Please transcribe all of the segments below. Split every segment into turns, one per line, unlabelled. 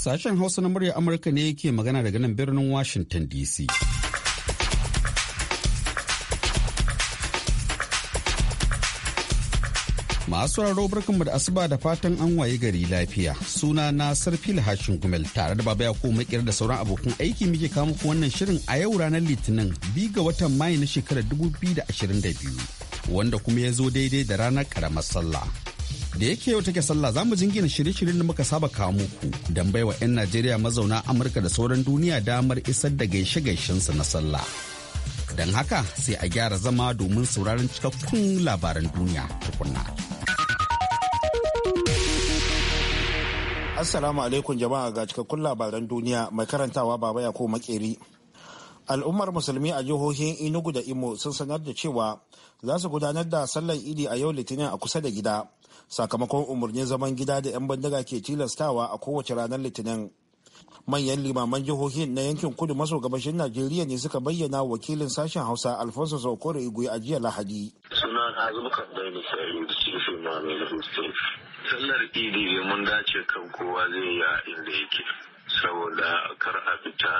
Sashen Hausa na murya Amurka ne yake magana daga nan birnin Washington DC. Masu raro barkanmu da asuba da fatan an waye gari lafiya. Suna na Sarfi Hashin Gumel tare da Baba ko Makir da sauran abokan aiki muke kama ku wannan shirin a yau ranar Litinin bi ga watan Mayu na shekarar 2022 wanda kuma ya zo daidai da ranar karamar sallah. da yake yau take sallah za mu jingina shirye-shiryen da muka saba kawo muku don baiwa 'yan najeriya mazauna amurka da sauran duniya damar isar da gaishe gaishen su na sallah don haka sai a gyara zama domin sauraron cikakkun labaran duniya tukunna
assalamu alaikum jama'a ga cikakkun labaran duniya mai karantawa baba ya ko makeri al'ummar musulmi a jihohin inugu da imo sun sanar da cewa za su gudanar da sallar idi a yau litinin a kusa da gida sakamakon umarnin zaman gida da 'yan bandaga ke tilastawa a kowace ranar litinin manyan limaman jihohin na yankin kudu maso gabashin najeriya ne suka bayyana wakilin sashen hausa alfonso saukore igwe a jiya lahadi
suna sallar idi ne mun dace kan kowa zai yi inda yake saboda kar a fita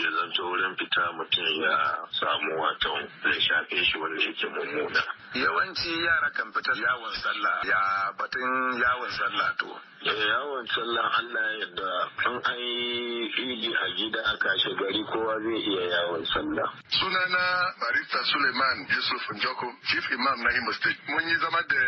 ya zanto
wurin
fita mutum ya samu watan zai shafe shi wanda yake mummuna Yawanci yara kan fitar yawon sallah ya batun yawon sallah to. Eh, yawon
sallah Allah yadda an yi idi a gida a kashe gari kowa
zai iya yawon sallah.
Sunana Barista Suleiman Yusuf Njoko, Chief Imam
na
Imo State. Mun yi zama da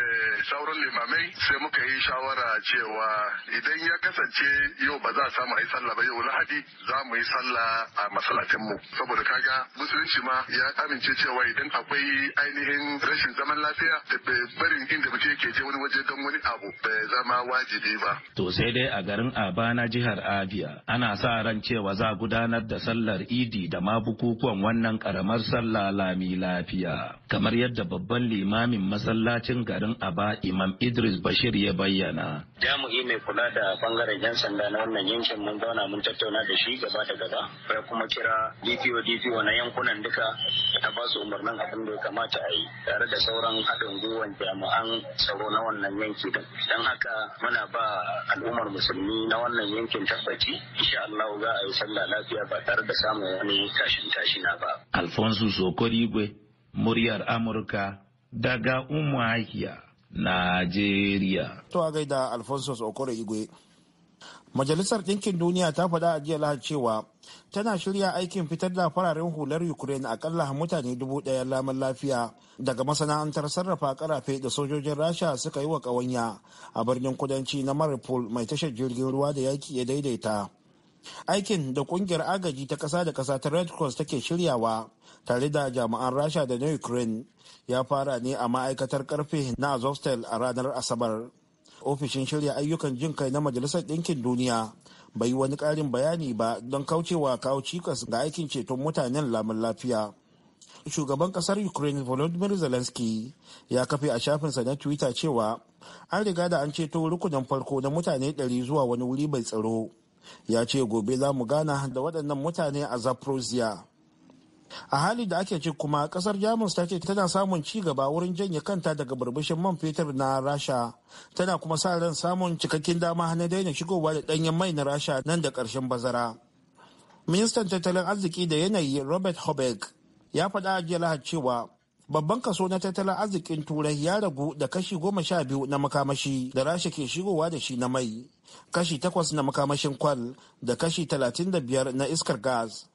sauran limamai sai muka yi shawara cewa idan ya kasance yau ba za a samu a yi sallah ba yau Lahadi za mu yi sallah a mu Saboda kaga musulunci ma ya amince cewa idan akwai ainihin rashin zaman
lafiya da eh, barin inda mutum yake je wani waje don wani abu bai zama wajibi ba. To sai dai a garin Aba na jihar Abia ana sa ran cewa za gudanar da sallar Idi da ma bukukuwan wannan karamar sallah lami lafiya. Kamar yadda babban limamin masallacin garin Aba Imam Idris Bashir ya bayyana.
Jami'i mai kula da bangaren 'yan sanda na wannan yankin mun zauna mun tattauna da shi gaba da gaba. Bai kuma kira DPO DPO na yankunan duka ta ba su umarnin abin da ya kamata a yi tare da da sauran haɗin gwiwan jami'an tsaro na wannan yanki din don haka muna ba al'ummar musulmi na wannan yankin
tabbaci insha Allah za a yi sallah lafiya ba tare da samun wani tashin tashina ba Alfonso Sokorigwe muryar Amurka daga Umuahia Najeriya to a gaida Alfonso Sokorigwe Majalisar Ɗinkin Duniya ta faɗa a jiya Lahadi cewa tana shirya aikin fitar da fararen hular Ukraine akalla mutane dubu ɗaya laman lafiya daga masana'antar sarrafa karafe da sojojin Rasha suka yi wa ƙawanya a birnin kudanci na Mariupol mai tashar jirgin ruwa da yaƙi ya daidaita. Aikin da ƙungiyar agaji ta ƙasa da ƙasa ta Red Cross take shiryawa tare da jami'an Rasha da na Ukraine ya fara ne a ma'aikatar karfe na Azovstal a ranar Asabar. ofishin shirya ayyukan jin kai na majalisar ɗinkin duniya bai wani ƙarin bayani ba don kaucewa kawo cikas ga aikin ceton mutanen lamun lafiya shugaban ƙasar ukraine volodymyr zelensky ya kafe a shafinsa na twitter cewa an riga da an ceto rukunin farko na mutane 100 zuwa wani wuri mai tsaro ya ce gobe za mu gana da waɗannan mutane a zaporozhia a hali da ake ce kuma kasar jamus ta ce tana samun ci gaba wurin janye kanta daga burbushin man fetur na rasha tana kuma sa ran samun cikakken dama na daina shigowa da danyen mai na rasha nan da karshen bazara ministan tattalin arziki da yanayi robert hoberg ya faɗa a jiya cewa babban kaso na tattalin arzikin turai ya ragu da kashi goma sha biyu na makamashi da rasha ke shigowa da shi na mai kashi takwas na makamashin kwal da kashi talatin da biyar na iskar gas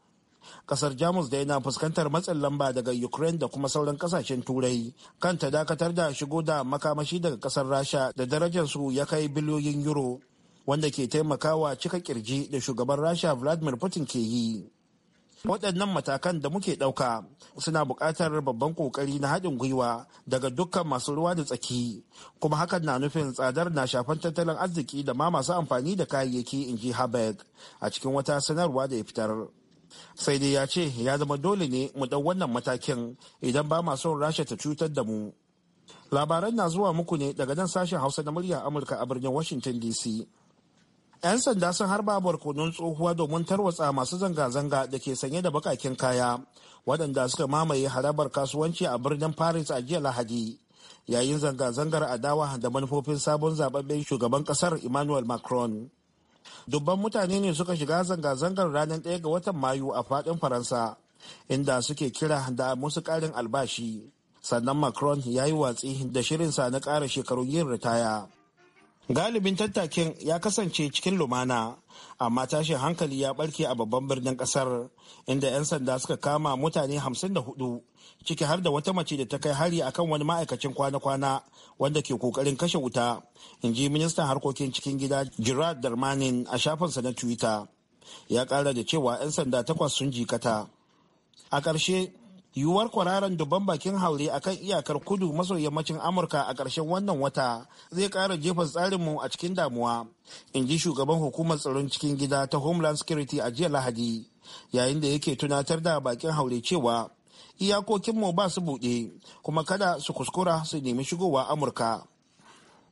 kasar jamus da yana fuskantar matsin lamba daga ukraine da kuma sauran kasashen turai kan ta dakatar da shigo da makamashi daga kasar rasha da darajar su ya kai biliyoyin euro wanda ke taimakawa cika kirji da shugaban rasha vladimir putin ke yi waɗannan matakan da muke ɗauka suna buƙatar babban ƙoƙari na haɗin gwiwa daga dukkan masu ruwa da tsaki kuma hakan na nufin tsadar na shafan tattalin arziki da ma masu amfani da kayayyaki in ji a cikin wata sanarwa da ya fitar sai dai ya ce ya zama dole ne mu ɗau wannan matakin idan ba ma son rasha ta cutar da mu labaran na zuwa muku ne daga nan sashen hausa na murya amurka a birnin washington dc 'yan sanda sun harba barkonon tsohuwa domin tarwatsa masu zanga-zanga da ke sanye da bakakin kaya waɗanda suka mamaye harabar kasuwanci a birnin paris a jiya lahadi yayin zanga-zangar adawa da manufofin sabon zababben shugaban kasar emmanuel macron Dubban mutane ne suka shiga zanga-zangar ranar ɗaya ga watan Mayu a fadin Faransa, inda suke kira da musu karin albashi. Sannan Macron ya yi watsi da shirinsa na ƙara shekarun yin ritaya. Galibin tattakin ya kasance cikin lumana, amma tashin hankali ya barke a babban birnin kasar inda 'yan sanda suka kama mutane 54 ciki har da wata mace da ta kai hari a kan wani ma'aikacin kwana-kwana wanda ke kokarin kashe wuta in ji ministan harkokin cikin gida gerard darmanin a sa na twitter ya kara da cewa 'yan sanda takwas sun jikata a ƙarshe yiwuwar kwararan dubban bakin haure kan iyakar kudu maso yammacin amurka a ƙarshen wannan wata zai ƙara jefa tsarinmu a cikin damuwa in ji shugaban hukumar tsaron cikin gida ta homeland security a jiya lahadi yayin da yake tunatar da bakin haure cewa iyakokinmu ba su buɗe kuma kada su kuskura su nemi shigowa amurka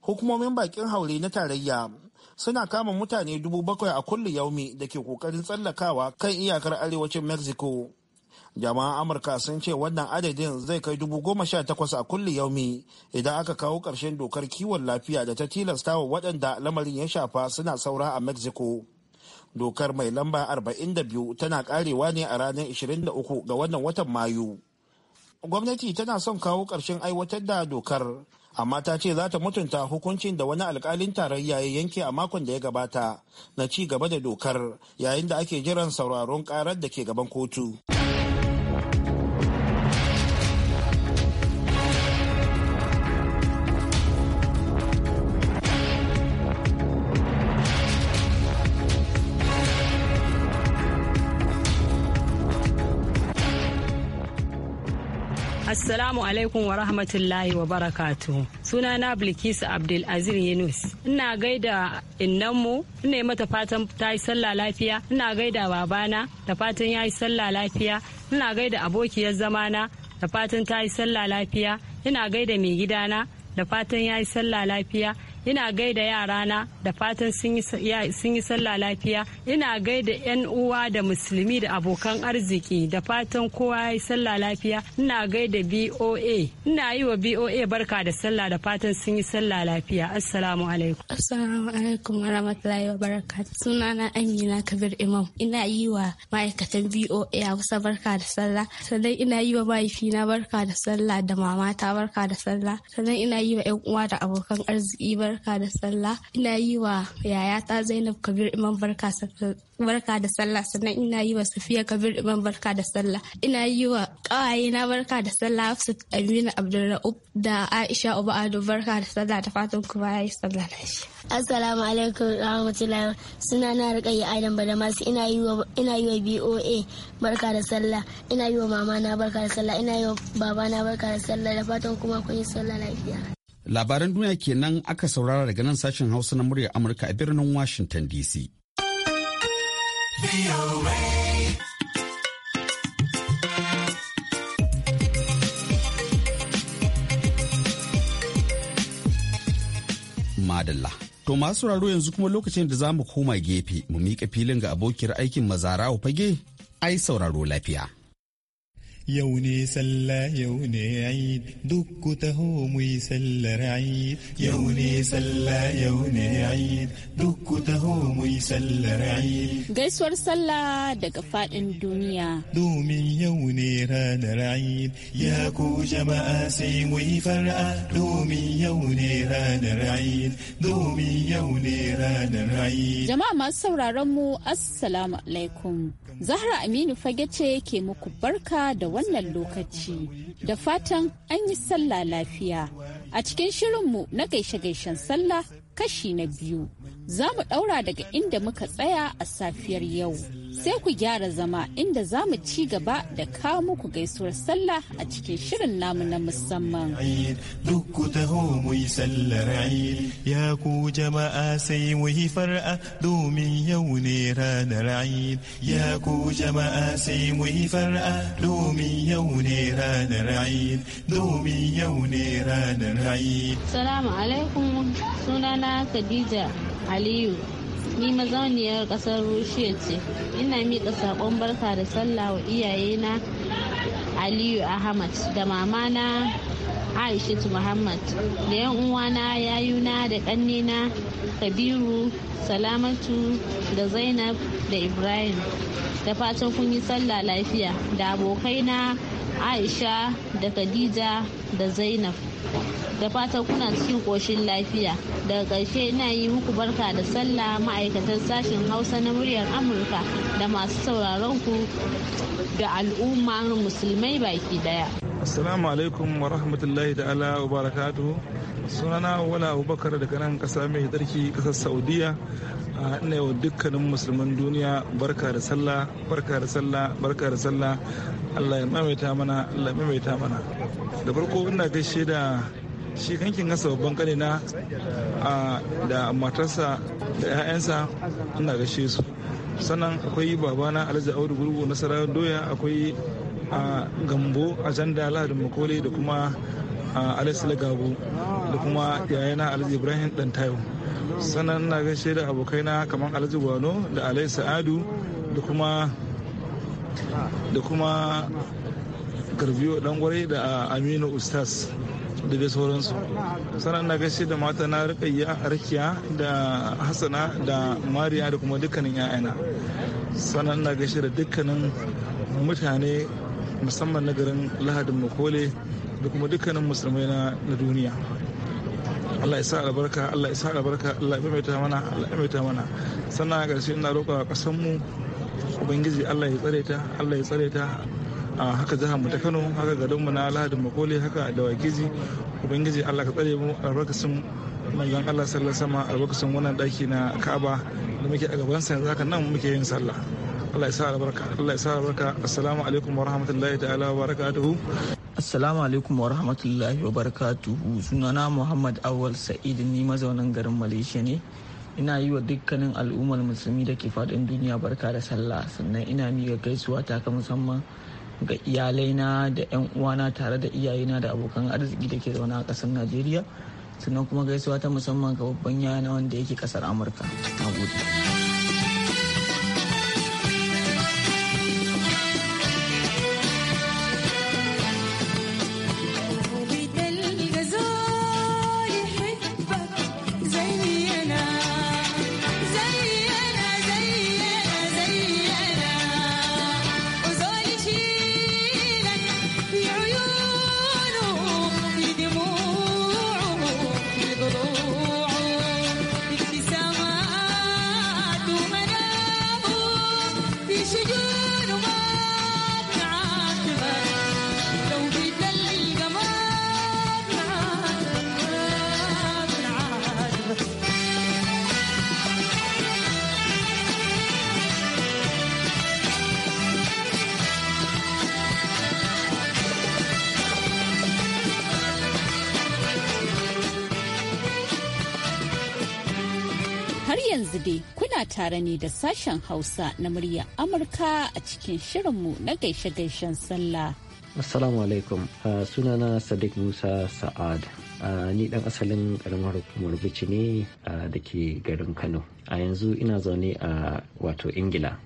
hukumomin bakin haure na tarayya suna kama mutane dubu bakwai a kullu yaumi da ke kokarin tsallakawa kan iyakar arewacin mexico jama'an amurka sun ce wannan adadin zai kai dubu goma sha takwas a kullu yaumi idan aka kawo ƙarshen dokar kiwon lafiya da ta tilasta wa waɗanda lamarin ya shafa suna saura a mexico dokar mai lamba 42 tana karewa ne a ranar 23 ga wannan watan mayu gwamnati tana son kawo ƙarshen aiwatar da dokar amma ta ce za ta mutunta hukuncin da wani alkalin tarayya ya yanke a makon da ya gabata na ci gaba da dokar yayin da ake jiran sauraron karar da ke gaban kotu.
Assalamu alaikum wa rahmatullahi wa barakatu. Suna na Bilkisu Abdul Azir Yunus. Ina gaida innanmu, ina yi mata fatan ta yi sallah lafiya, ina gaida babana da fatan ya yi sallah lafiya, ina gaida abokiyar zamana da fatan ta yi sallah lafiya, ina gaida mai gidana da fatan ya yi sallah lafiya, ina gaida yarana da fatan sun yi sallah lafiya ina gaida yan uwa da musulmi da abokan arziki da fatan kowa ya yi sallah lafiya ina gaida boa ina yi wa boa barka da sallah da fatan sun yi sallah lafiya assalamu alaikum
assalamu alaikum wa rahmatullahi wa baraka sunana amina kabir imam ina yi wa ma'aikatan boa a kusa barka da sallah sannan ina yi wa mahaifina barka da sallah da mamata barka da sallah sannan ina yi wa yan uwa da abokan arziki ba. barka da sallah ina yi wa yayata zainab kabir imam barka barka da sallah sannan ina yi wa safiya kabir imam barka da sallah ina yi wa kawaye na barka da sallah hafsat amina abdulra'ub da aisha uba ado barka da sallah ta fatan kuma ya yi sallah na shi assalamu alaikum rahmatullahi suna na rika yi adam bada masu ina yi wa boa barka da sallah ina yi wa mama na barka da sallah ina yi wa baba na barka da sallah da fatan kuma kun yi sallah lafiya
labaran duniya kenan aka saurara daga nan sashen hausa na muryar amurka a birnin washington dc madalla to masu sauraro yanzu kuma lokacin da za mu koma gefe mu mika filin ga abokiyar aikin mazarawa fage ai sauraro lafiya
yau ne sallah yau ne aid duk taho mai sallar aid yau ne sallah yau ne aid duk taho mai sallar aid
gaisuwar sallah daga fadin duniya
domin yau ne ranar aid ya ku jama'a sai mai far'a domin yau ne ranar aid domin yau ne ranar aid jama'a
masu sauraron mu assalamu alaikum Zahra Aminu fage ce ke muku barka da wannan lokaci da fatan an yi sallah lafiya. A cikin shirinmu na gaishe-gaishen sallah kashi na biyu za mu ɗaura daga inda muka tsaya a safiyar yau. sai ku gyara zama inda za mu ci gaba da kawo muku gaisuwar sallah a cikin shirin namu na musamman.
Duk ku taho mu yi sallar ya ku jama'a sai mu yi far'a domin yau ne ranar ayin. Ya ku jama'a sai mu yi far'a domin yau ne ranar ayin. Domin yau ne ranar ayin.
Salamu alaikum sunana Khadija Aliyu. ni mazauniyar kasar rushe ce ina miƙa saƙon barka da sallah wa iyayena aliyu ahmad da mamana aishatu muhammad da yan uwana yayuna da ƙannena kabiru salamatu da zainab da ibrahim da fatan kun yi sallah lafiya da abokaina aisha da khadija da zainab da fatan kuna cikin ƙoshin lafiya daga ƙarshe ina yi muku barka da sallah ma'aikatan sashen hausa na muryar amurka da masu sauraron ku da al'ummar musulmai baki daya
assalamu alaikum wa rahmatullahi ta'ala wa barakatu sunana wala abubakar daga nan kasa mai tsarki kasar saudiya a ina yau dukkanin musulman duniya barka da sallah barka da sallah barka da sallah allah ya mamaita mana allah ya mamaita mana da farko ina gaishe da shi kankin gasa babban na da matarsa da 'ya'yansa ina gaishe su sannan akwai babana alhaji audu gurgu na doya akwai a gambo a can da makole da kuma alisila gabo da kuma yayana alhaji ibrahim dantayo sannan na gaishe da abokaina kamar alhaji gwano da alai sa'adu da kuma da kuma garbiyo dangware da aminu ustaz da dai sauransu sannan na gaishe da mata na rakiya da hasana da mariya da kuma dukkanin 'ya'yana sannan na gaishe da dukkanin mutane musamman na garin lahadin makole da kuma dukkanin musulmai na duniya Allah ya sa albarka Allah ya sa albarka Allah ya maimaita mana Allah ya maimaita mana sannan a ƙarshe ina roƙa a ƙasar mu ubangiji Allah ya tsare ta Allah ya tsare ta a haka jihar mu ta Kano haka garin mu na Lahadin Makole haka da Wakizi ubangiji Allah ka tsare mu albarkacin manzon Allah sallallahu alaihi wasallam albarkacin wannan daki na Ka'aba da muke a gaban sa yanzu haka nan muke yin sallah Allah ya sa albarka Allah ya sa albarka assalamu alaikum wa rahmatullahi ta'ala wa barakatuhu assalamu alaikum wa rahmatullahi wa barakatuhu
sunana Muhammad Awal Sa'id ni mazaunin garin Malaysia ne ina yi wa dukkanin al'ummar musulmi da ke faɗin duniya barka da sallah sannan ina miƙa gaisuwa ta ka musamman ga iyalaina da 'yan uwana tare da iyayena da abokan arziki da ke zaune a ƙasar najeriya sannan kuma gaisuwa ta musamman ga babban yana wanda yake ƙasar amurka na gode
kuna tare ne da sashen Hausa na muryar Amurka a cikin shirinmu na gaishe-gaishen sallah.
Assalamu alaikum uh, sunana Sadiq Musa Sa'ad. Uh, ni dan asalin karamar hukumar bici ne uh, ah, da ke garin Kano. A yanzu ina zaune a wato Ingila.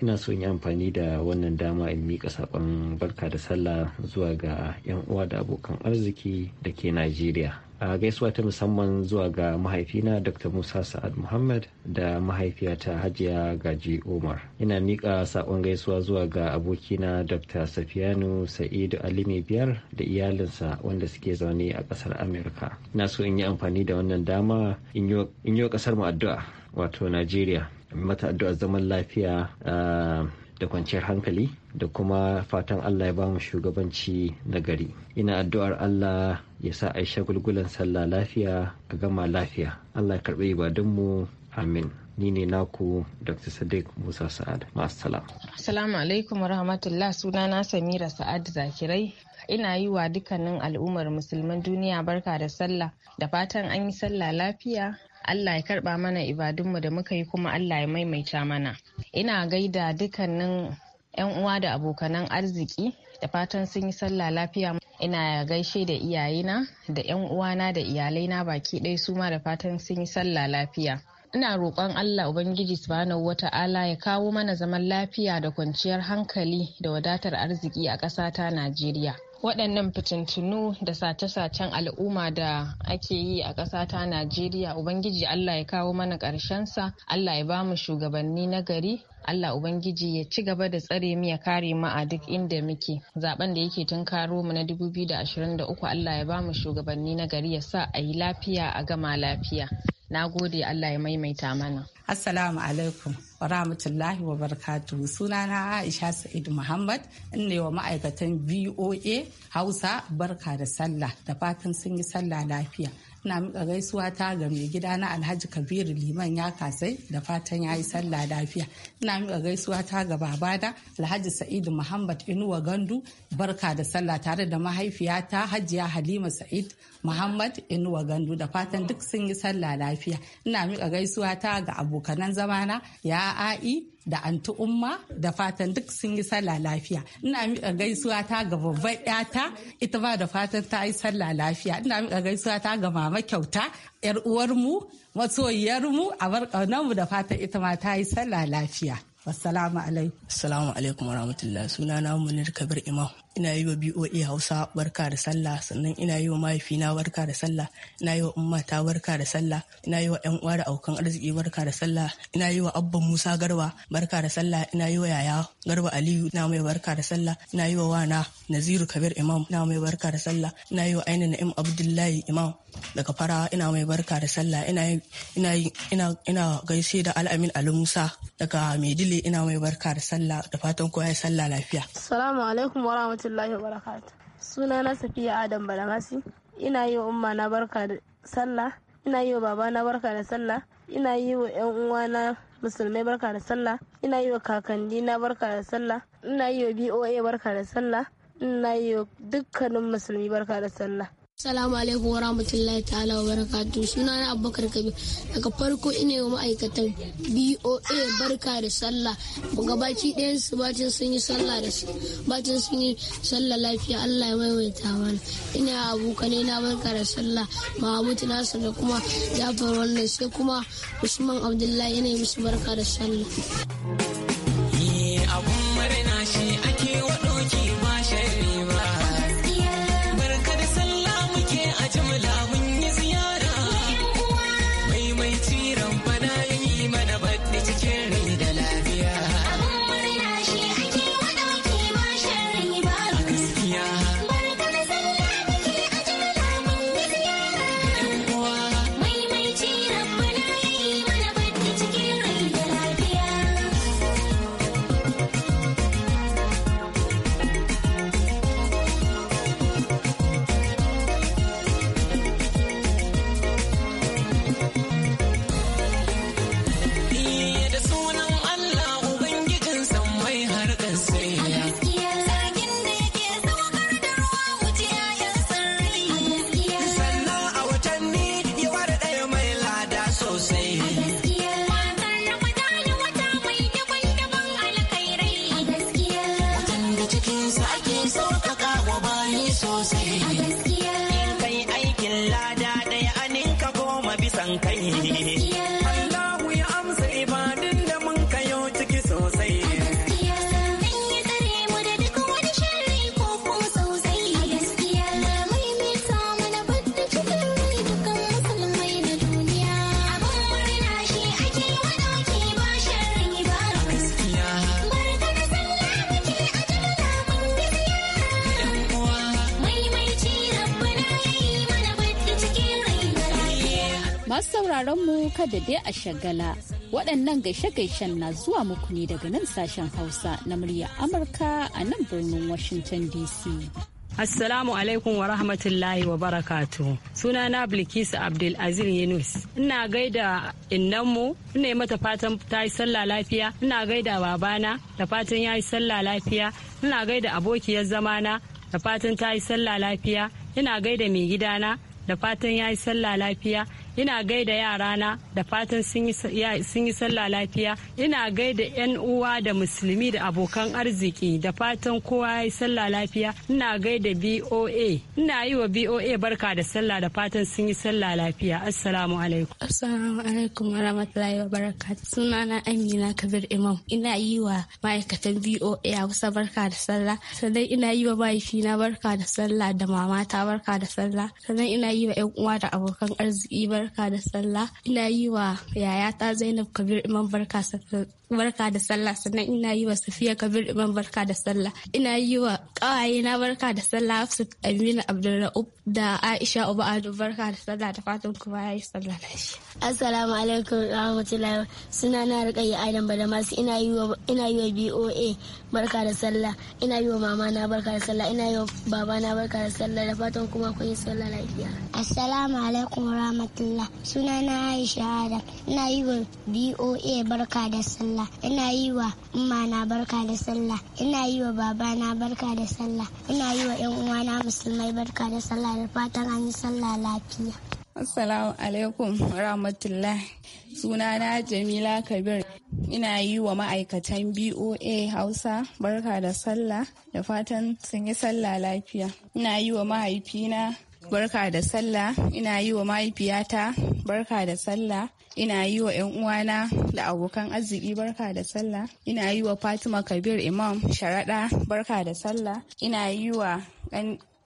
ina son in yi amfani da wannan dama in miƙa saƙon barka da sallah zuwa ga 'yan uwa da abokan arziki da ke Najeriya. a gaisuwa ta musamman zuwa ga mahaifina dr musa sa'ad muhammad da mahaifiyata hajiya gaji umar ina miƙa saƙon gaisuwa zuwa ga abokina dr safiyanu sa'idu alimi biyar da iyalinsa wanda suke zaune a ƙasar amurka Ina so in yi amfani da wannan dama in yi ƙasar mu addu'a wato najeriya mata addu'ar zaman lafiya ah, da kwanciyar hankali da kuma fatan Allah ya ba mu shugabanci na gari. Ina addu'ar Allah ya sa a shagulgulan sallah lafiya a gama lafiya. Allah ya karɓi ibadunmu amin. Ni ne naku Dr. Sadiq Musa Sa'ad. salam.
Assalamu alaikum wa rahmatullah sunana Samira Sa'ad Zakirai. Ina yi wa dukkanin al'ummar musulman duniya barka da sallah da fatan an yi sallah lafiya Allah ya karba mana ibadunmu da muka yi kuma Allah ya maimaita mana. Ina gaida dukkanin 'yan uwa da abokanan arziki da fatan sun yi sallah lafiya. Ina gaishe da iyayena da 'yan uwana da iyalaina baki ɗaya su ma da fatan sun yi sallah lafiya. Ina roƙon Allah Ubangiji subhanahu wata'ala ya kawo mana zaman lafiya da kwanciyar hankali da wadatar arziki a ƙasata Najeriya. waɗannan fitintunu da sace-sacen al'umma da ake yi a ƙasa ta najeriya ubangiji allah ya kawo mana ƙarshensa allah ya ba mu shugabanni na gari Allah Ubangiji ya ci gaba da tsare mu ya kare mu a duk inda muke. Zaben da yake tun karo mu na 2023 Allah ya ba mu shugabanni na gari ya sa a yi lafiya a gama lafiya. na gode Allah ya maimaita mana
assalamu alaikum wa rahmatullahi wa Suna sunana Aisha Sa'id Muhammad ne wa ma'aikatan VOA Hausa barka da sallah da fatan sun yi sallah lafiya ina muka gaisuwa ta ga mai gida na alhaji kabiru liman ya kasai da fatan ya yi sallah lafiya ina muka gaisuwa ta ga babana alhaji sa'idu muhammad inuwa gandu barka da sallah tare da mahaifiyata hajiya halima sa'id Muhammad Inuwa Gandu da fatan duk sun yi sallah lafiya. Ina miƙa gaisuwa ta ga abokanan zamana ya a'i da anti umma da fatan duk sun yi sallah lafiya ina miƙa gaisuwa ta ga babbar yata ita ba da fatan ta yi sallah lafiya ina miƙa gaisuwa ta ga mama kyauta yar uwarmu masoyiyarmu a barkaunanmu da fatan ita ma ta yi sallah lafiya wassalamu alaikum assalamu alaikum warahmatullahi sunana munir kabir imam ina yi wa BOA Hausa barka da sallah sannan ina yi wa mahaifina
barka da sallah ina yi wa ummata barka da sallah ina yi wa ƴan uwa da aukan arziki barka da sallah ina yi wa abban Musa Garba barka da sallah ina yi wa yaya Garba Aliyu ina mai barka da sallah ina yi wa wana Naziru Kabir Imam ina mai barka da sallah ina yi wa Aina Na'im Abdullahi Imam daga fara ina mai barka da sallah ina ina ina ina gaishe da al amin Ali Musa daga Maiduguri, ina mai barka da sallah da fatan kowa ya sallah lafiya.
Assalamu alaikum wa rahmatullahi wa Suna na Safiya Adam Balamasi. Ina yi wa umma na barka da sallah. Ina yi wa baba na barka da sallah. Ina yi wa 'yan uwana musulmai barka da sallah. Ina yi wa kakanni na barka da sallah. Ina yi wa BOA barka da sallah. Ina yi wa dukkanin musulmi barka da sallah. Salamu alaikum wa rahmatullahi ta'ala wa barakatu suna na abubakar kabi daga farko ina wa ma'aikatan BOA barka da sallah gabaki ɗayan su bacin sun yi sallah da su bacin sun yi sallah lafiya Allah ya maimaita mana ina abokanai na barka da sallah mahamudu Nasir da kuma Jafar wannan sai kuma Usman Abdullahi yi musu barka da sallah.
sauraron mu kada dai a shagala. Waɗannan gaishe-gaishen na zuwa muku ne daga nan sashen Hausa na murya Amurka a nan birnin Washington DC.
Assalamu alaikum wa rahmatullahi wa barakatu. Suna na Bilkisu Abdul azir Yunus. Ina gaida innanmu, ina yi mata fatan ta yi sallah lafiya, ina gaida babana da fatan ya yi sallah lafiya, ina gaida abokiyar zamana da fatan ta yi sallah lafiya, ina gaida mai gidana da fatan ya yi sallah lafiya, ina gaida yarana da fatan sun yi sallah lafiya ina gaida yan uwa da musulmi da abokan arziki da fatan kowa ya yi sallah lafiya ina gaida boa ina yi wa boa barka da sallah da fatan sun yi sallah lafiya assalamu alaikum
assalamu alaikum wa rahmatullahi wa barakatuh sunana amina kabir imam ina yi wa ma'aikatan boa a kusa barka da sallah sannan ina yi wa mahaifina barka da sallah da mamata barka da sallah sannan ina yi wa yan uwa da abokan arziki barka barka da sallah ina yi wa yayata zainab kabir imam barka barka da sallah sannan ina yi wa safiya kabir imam barka da sallah ina yi wa ƙawaye na barka da sallah hafsat amina abdulra'ub da Aisha Uba Ado barka da sallah da fatan kuma yayi sallah shi. Assalamu alaikum rahmatullahi suna na Rukayya Adam Badamasu ina yi wa ina yi wa BOA barka da sallah ina yi wa mama na barka da sallah ina yi wa baba na barka da sallah da fatan kuma kun yi sallah lafiya. Assalamu alaikum rahmatullah suna na Aisha Adam ina yi wa BOA barka da sallah ina yi wa umma na barka da sallah ina yi wa baba na barka da sallah ina yi wa yan uwa na musulmai barka da sallah da fatan an yi sallah lafiya. Assalamu alaikum rahmatullah. Sunana Jamila Kabir. Ina yi wa ma'aikatan BOA Hausa barka da sallah da fatan sun yi sallah lafiya. Ina yi wa mahaifina barka da sallah ina yi wa mahaifiyata barka da sallah ina yi wa 'yan uwana da abokan arziki barka da sallah ina yi wa fatima kabir imam sharaɗa barka da sallah ina yi wa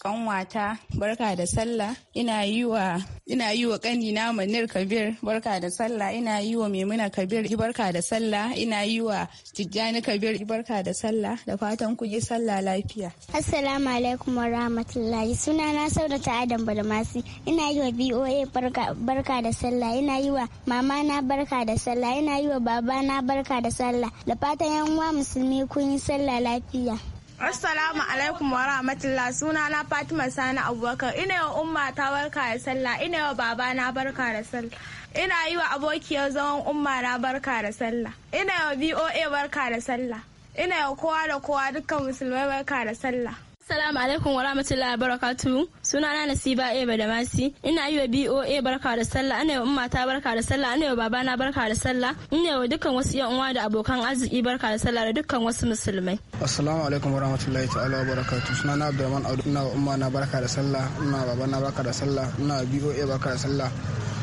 kanwata barka da sallah ina yi wa ina yi wa kanina manir kabir barka da sallah ina yi wa maimuna kabir barka da sallah ina yi wa tijjani kabir barka da sallah da fatan ku yi sallah lafiya assalamu alaikum wa rahmatullahi suna na saurata adam balmasi ina yi wa boa barka da sallah ina yi wa mama na barka da sallah ina yi wa baba na barka da sallah da fatan yan uwa musulmi kun yi sallah lafiya Assalamu alaikum wa rahmatullah suna na Fatima Sani Abubakar ina wa umma ta barka da sallah ina yi baba na barka da sallah ina yi wa abokiyar zaman umma na barka da sallah ina yi wa BOA barka da sallah ina yi kowa da kowa dukkan musulmai barka da sallah Assalamu alaikum wa rahmatullahi barakatu. Suna na Nasiba Eba da Masi. Ina yi wa BOA barka da sallah, ana yi wa ta barka da sallah, ana yi wa Baba na barka da sallah, ina yi wa dukkan wasu yan uwa da abokan arziki barka da sallah da dukkan wasu musulmai.
Assalamu alaikum wa rahmatullahi ta'ala wa barakatu. Suna na Abdurrahman Audu, ina wa umma na barka da sallah, ina wa na barka da sallah, ina wa BOA barka da sallah.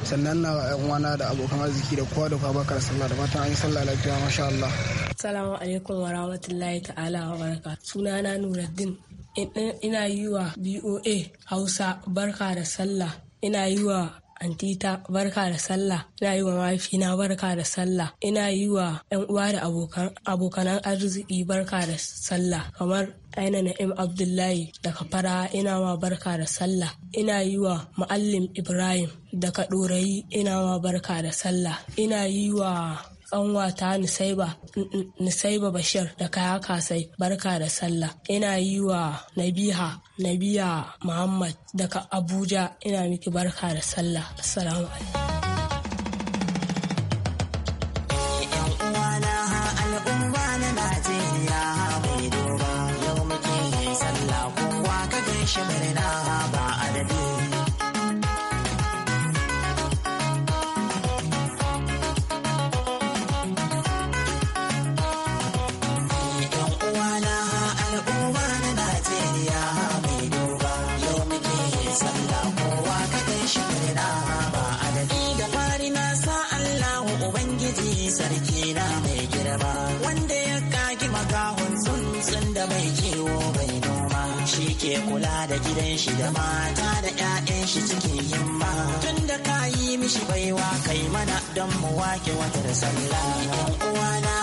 sannan na yan na da abokan arziki da kowa da kowa barka da sallah da fatan
an yi sallah lafiya masha Allah.
Assalamu alaikum wa rahmatullahi ta'ala wa suna na Nuruddin ina yi wa BOA Hausa barka da sallah. Ina yi wa antita barka da sallah ina yi wa mahaifina barka da sallah ina yi wa yan uwa da abokanan arziki barka da sallah kamar aina na'im abdullahi daga fara ina ma barka da sallah ina yi wa ma'allim ibrahim daga ɗorayi ina ma barka da sallah ina yi wa ƙanwata Nusaiba Nusaiba Bashir da kaya kasai barka da sallah ina yi wa Nabiha Nabiya Muhammad daga Abuja ina miki barka da sallah assalamu alaikum
shi da mata da 'ya'yan shi cikin himma tun da ka yi mishi baiwa kai mana don mu wake watar sallah uwa na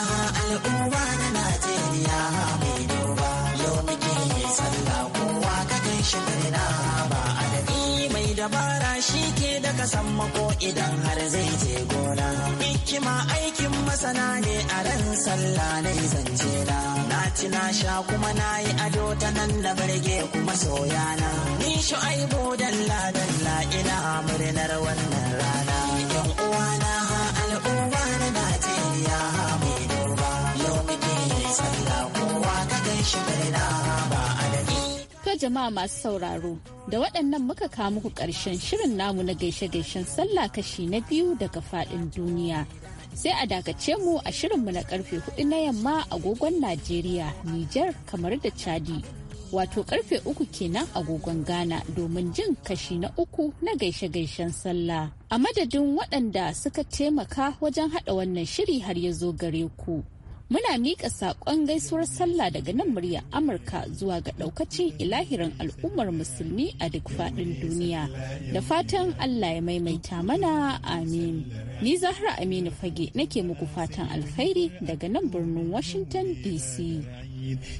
al'umma na Najeriya mai duba yau muke sallah na ba adadi mai dabara shi ke daga san mako idan har zai je gona hikima aikin masana ne a ran sallah na zance na na ci na sha kuma na yi ado ta nan da barge kuma soyana ni shu'aibu dalla dalla ina murnar wannan
jama'a masu sauraro, da waɗannan muka kawo muku ƙarshen shirin namu na gaishe-gaishen sallah kashi na biyu daga faɗin duniya. Sai a dakace mu a shirin mu na karfe hudu na yamma agogon Najeriya, Nijar, kamar da Chadi. Wato karfe uku kenan agogon Ghana domin jin kashi na uku na gaishe-gaishen sallah. A madadin waɗanda suka taimaka wajen haɗa wannan shiri har ya zo gare ku. Muna miƙa saƙon gaisuwar sallah daga nan murya Amurka zuwa ga ɗaukacin ilahirin al'ummar musulmi a duk faɗin duniya. Da fatan Allah ya maimaita mana amin. Ni Zahra Aminu Fage nake muku fatan alfairi daga nan birnin Washington DC.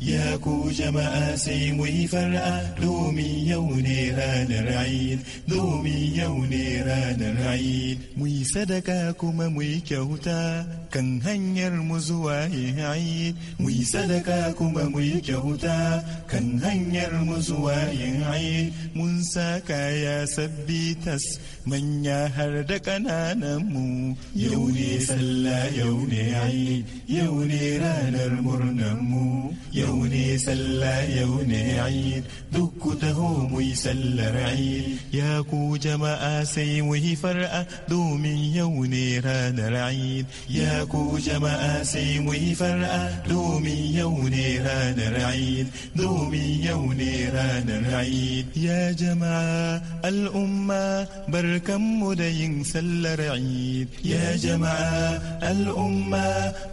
Ya ku jama'a sai mu yi far'a domin yau ne ranar Eid, domin yau ne ranar Eid. Mu yi sadaka kuma mu yi kyauta kan hanyar mu zuwa Eid. Mu yi sadaka kuma mu yi kyauta kan hanyar mu zuwa Eid. Mun sa kaya sabbi tas manya har da ƙananan mu. Yau ne sallah yau ne Eid, yau ne ranar murnan mu. yau ne sallah yau ne eid duk ku taho muyi sallar eid ya ku jama'a sai mu yi far'a domin yau ne ranar eid ya ku jama'a sai mu yi far'a domin yau ne ranar eid domin yau ne ranar eid ya jama'a al'umma barkanmu da yin sallar eid ya jama'a al'umma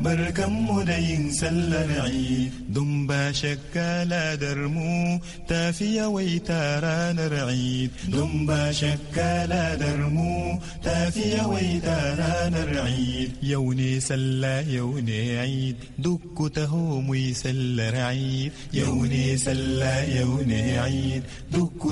barkanmu da yin sallar eid دم باشك لا درمو تافيا ويتاران العيد دم باشك لا درمو تافيا ويتاران العيد يوني سلا يوني عيد دك مي سلا رعيد يوني سلا يوني عيد دك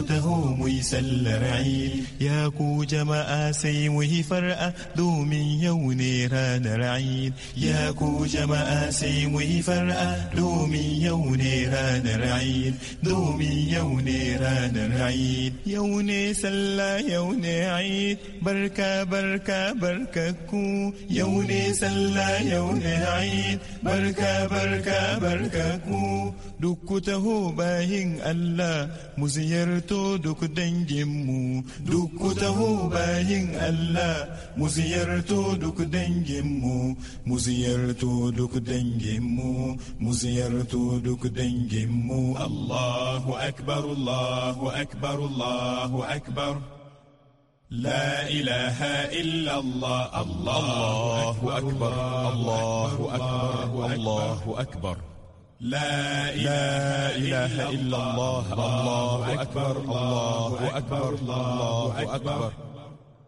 مي سلا رعيد يا كو جما مي فرأ دوم يوني ران رعيد يا كو جما مي فرأ دوم domin yau ne ranar Eid domin yau ne ranar Eid yau ne sallah yau ne Eid barka barka barka ku yau ne sallah yau ne barka barka barka ku duk ku taho bayin Allah mu ziyarto duk danginmu duk ku taho bayin Allah mu ziyarto duk danginmu mu ziyarto duk danginmu mu ziyarto halarto duk الله أكبر الله أكبر الله أكبر لا إله إلا الله الله أكبر الله أكبر الله أكبر لا إله إلا الله الله أكبر الله أكبر الله أكبر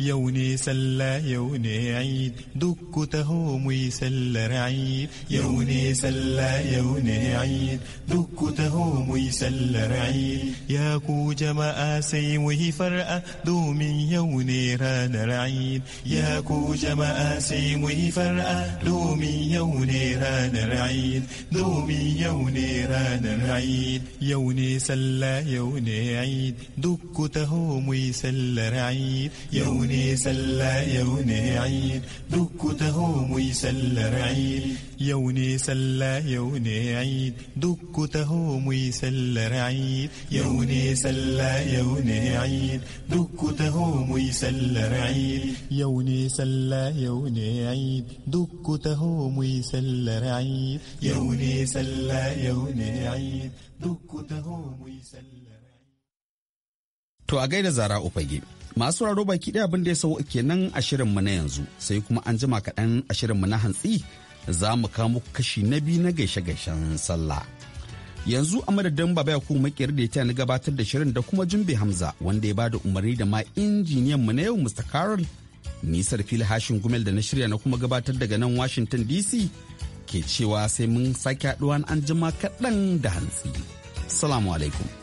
يوني سلا يوني عيد دك تهوم يسل رعيد يوني سلا يوني عيد دك تهوم يسل رعيد يا كو جما آسي وهي فرقة دوم يوني ران رعيد يا كو جما آسي وهي فرقة دوم يوني ران رعيد دوم يوني ران رعيد يوني سلا يوني عيد دك تهوم يسل رعيد يوني يوني سلا يوني عيد دك تهوم يسلا رعيل يوني سلا يوني عيد دك تهوم يسلا رعيل يوني سلا يوني عيد دك تهوم يسلا رعيل يوني سلا يوني عيد دك تهوم يسلا رعيل يوني سلا يوني عيد دك تهوم يسلا
To a gaida zara ufage. masu raro baki ɗaya abin da ya sau kenan a shirinmu na yanzu sai kuma an jima kaɗan a shirinmu na hantsi za mu kamo kashi na biyu na gaishe-gaishen sallah yanzu a madadin baba ya kuma makiyar da ya na gabatar da shirin da kuma jumbe hamza wanda ya bada umarni da ma injiniyan mu na yau mr carol nisar fili hashin gumel da na shirya na kuma gabatar daga nan washington dc ke cewa sai mun sake haɗuwa an jima kaɗan da hantsi salamu alaikum